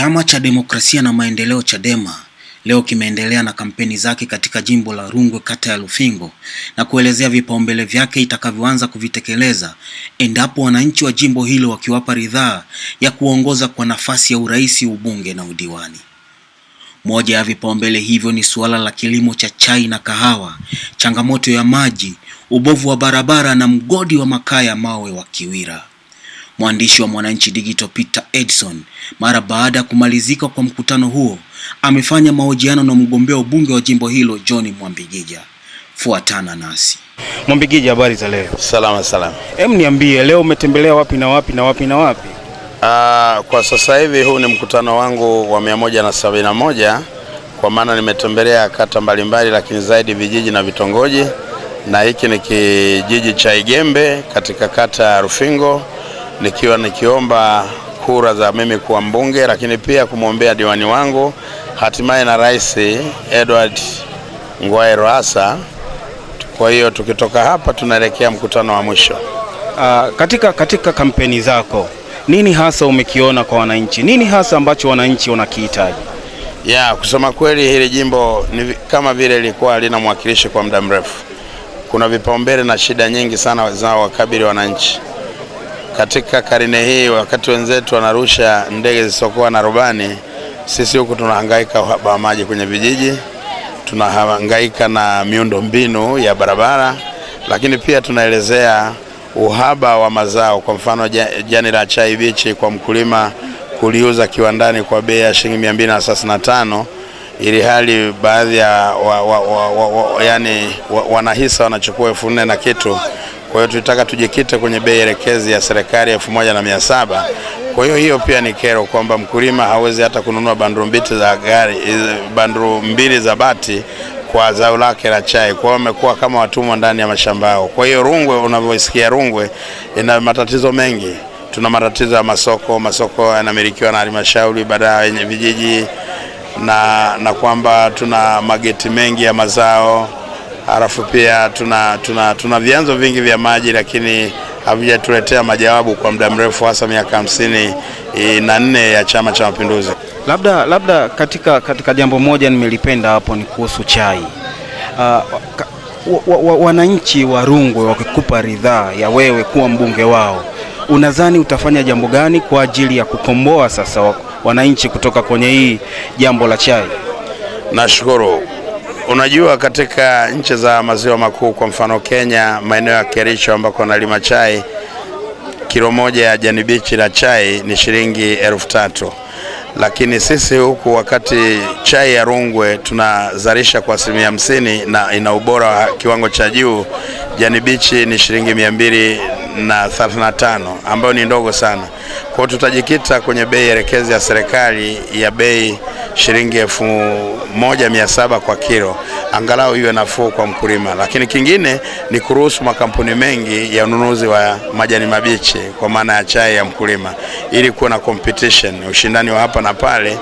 Chama cha Demokrasia na Maendeleo Chadema leo kimeendelea na kampeni zake katika jimbo la Rungwe kata ya Lufingo na kuelezea vipaumbele vyake itakavyoanza kuvitekeleza endapo wananchi wa jimbo hilo wakiwapa ridhaa ya kuongoza kwa nafasi ya urais, ubunge na udiwani. Moja ya vipaumbele hivyo ni suala la kilimo cha chai na kahawa, changamoto ya maji, ubovu wa barabara na mgodi wa makaa ya mawe wa Kiwira. Mwandishi wa Mwananchi Digital Peter Edson, mara baada ya kumalizika kwa mkutano huo, amefanya mahojiano na mgombea ubunge wa jimbo hilo John Mwambigija. Fuatana nasi. Mwambigija, habari za leo? Salama salama. Hem, niambie leo umetembelea wapi na wapi na wapi na wapi? Aa, ah, kwa sasa hivi huu ni mkutano wangu wa mia moja na sabini na moja kwa maana nimetembelea kata mbalimbali, lakini zaidi vijiji na vitongoji, na hiki ni kijiji cha Igembe katika kata ya Rufingo nikiwa nikiomba kura za mimi kuwa mbunge, lakini pia kumwombea diwani wangu hatimaye na Rais Edward Ngwae Lowassa. Kwa hiyo tukitoka hapa tunaelekea mkutano wa mwisho. Uh, katika, katika kampeni zako nini hasa umekiona kwa wananchi? Nini hasa ambacho wananchi wanakihitaji? Ya kusema kweli, hili jimbo ni kama vile lilikuwa lina mwakilishi kwa muda mrefu. Kuna vipaumbele na shida nyingi sana zinazowakabili wananchi katika karine hii, wakati wenzetu wanarusha ndege zisizokuwa na rubani, sisi huku tunahangaika uhaba wa maji kwenye vijiji, tunahangaika na miundo mbinu ya barabara, lakini pia tunaelezea uhaba wa mazao. Kwa mfano, jani la chai bichi kwa mkulima kuliuza kiwandani kwa bei ya shilingi 235 ili hali baadhi ya wa, wa, wa, wa, wa, yani, wa, wanahisa wanachukua elfu nne na kitu. Kwa hiyo tulitaka tujikite kwenye bei elekezi ya serikali elfu moja na mia saba. Kwa hiyo hiyo pia ni kero kwamba mkulima hawezi hata kununua banduru mbili za gari, banduru mbili za bati kwa zao lake la chai. Kwa hiyo wamekuwa kama watumwa ndani ya mashamba yao. Kwa hiyo Rungwe, unavyoisikia Rungwe ina matatizo mengi. Tuna matatizo ya masoko, masoko yanamilikiwa na halmashauri badala wenye vijiji na, na kwamba tuna mageti mengi ya mazao halafu pia tuna, tuna, tuna vyanzo vingi vya maji lakini havijatuletea majawabu kwa muda mrefu, hasa miaka hamsini na nne ya Chama cha Mapinduzi. Labda, labda katika, katika jambo moja nimelipenda hapo ni kuhusu chai uh, wananchi wa Rungwe wakikupa ridhaa ya wewe kuwa mbunge wao, unadhani utafanya jambo gani kwa ajili ya kukomboa sasa wananchi kutoka kwenye hii jambo la chai? Nashukuru Unajua, katika nchi za maziwa makuu, kwa mfano Kenya, maeneo ya Kericho ambako nalima chai, kilo moja ya jani bichi la chai ni shilingi elfu tatu lakini sisi huku wakati chai ya Rungwe tunazalisha kwa asilimia hamsini na ina ubora wa kiwango cha juu, jani bichi ni shilingi mia mbili na thelathini na tano ambayo ni ndogo sana. Kwa hiyo tutajikita kwenye bei elekezi ya serikali ya bei shilingi elfu moja mia saba kwa kilo, angalau iwe nafuu kwa mkulima. Lakini kingine ni kuruhusu makampuni mengi ya ununuzi wa majani mabichi kwa maana ya chai ya mkulima, ili kuwe na competition, ushindani wa hapa na pale,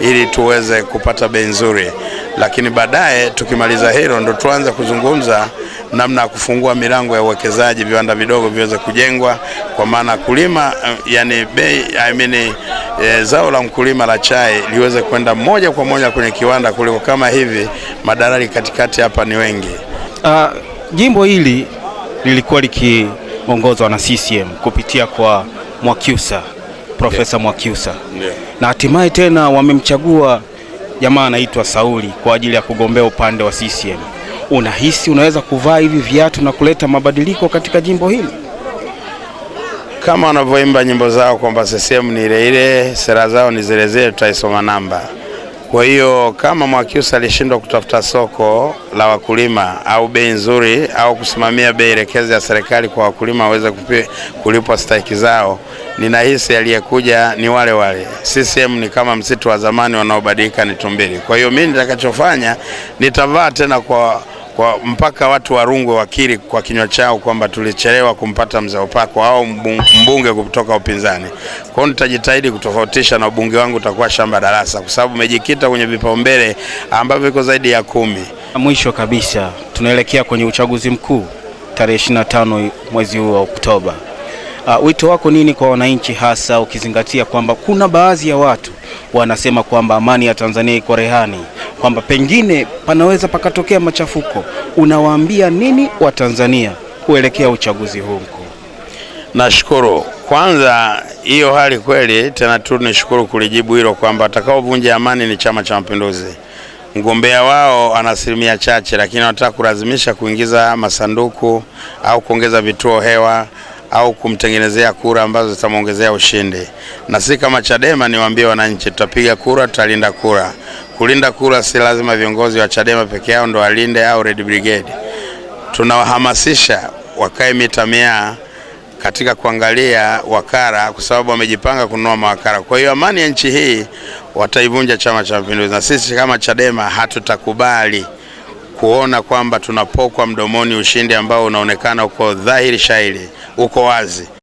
ili tuweze kupata bei nzuri. Lakini baadaye tukimaliza hilo, ndo tuanze kuzungumza namna ya kufungua milango ya uwekezaji, viwanda vidogo viweze kujengwa, kwa maana kulima, eh, yani bei, I mean, e, zao la mkulima la chai liweze kwenda moja kwa moja kwenye kiwanda kuliko kama hivi madalali katikati hapa ni wengi. Uh, jimbo hili lilikuwa likiongozwa na CCM kupitia kwa Mwakyusa, Profesa yeah. Mwakyusa yeah. na hatimaye tena wamemchagua jamaa anaitwa Sauli kwa ajili ya kugombea upande wa CCM. Unahisi unaweza kuvaa hivi viatu na kuleta mabadiliko katika jimbo hili? Kama wanavyoimba nyimbo zao kwamba CCM ni ile ile, sera zao ni zile zile, tutaisoma namba. Kwa hiyo kama Mwakyusa alishindwa kutafuta soko la wakulima au bei nzuri au kusimamia bei elekezi ya serikali kwa wakulima waweze kulipwa stahiki zao, ninahisi aliyekuja ni wale wale. CCM ni kama msitu wa zamani, wanaobadilika ni tumbili. Kwa hiyo mimi nitakachofanya nitavaa tena kwa kwa mpaka watu wa Rungwe wakiri kwa kinywa chao kwamba tulichelewa kumpata mzao pako au mbunge kutoka upinzani. Kwa hiyo nitajitahidi kutofautisha na ubunge wangu utakuwa shamba darasa, kwa sababu umejikita kwenye vipaumbele ambavyo viko zaidi ya kumi. Mwisho kabisa, tunaelekea kwenye uchaguzi mkuu tarehe 25 mwezi huu wa Oktoba. Uh, wito wako nini kwa wananchi, hasa ukizingatia kwamba kuna baadhi ya watu wanasema kwamba amani ya Tanzania iko rehani? kwamba pengine panaweza pakatokea machafuko, unawaambia nini Watanzania kuelekea uchaguzi huu mkuu? Nashukuru kwanza hiyo hali kweli, tena tu nishukuru kulijibu hilo kwamba atakaovunja amani ni Chama cha Mapinduzi. Mgombea wao ana asilimia chache, lakini wanataka kulazimisha kuingiza masanduku au kuongeza vituo hewa au kumtengenezea kura ambazo zitamwongezea ushindi. Na si kama Chadema, niwaambie wananchi, tutapiga kura, tutalinda kura. Kulinda kura si lazima viongozi wa Chadema peke yao ndo walinde au Red Brigade. Tunawahamasisha wakae mita mia katika kuangalia wakara, kwa sababu wamejipanga kununua mawakara. Kwa hiyo amani ya nchi hii wataivunja Chama cha Mapinduzi, na sisi kama Chadema hatutakubali kuona kwamba tunapokwa mdomoni ushindi ambao unaonekana uko dhahiri shahiri, uko wazi.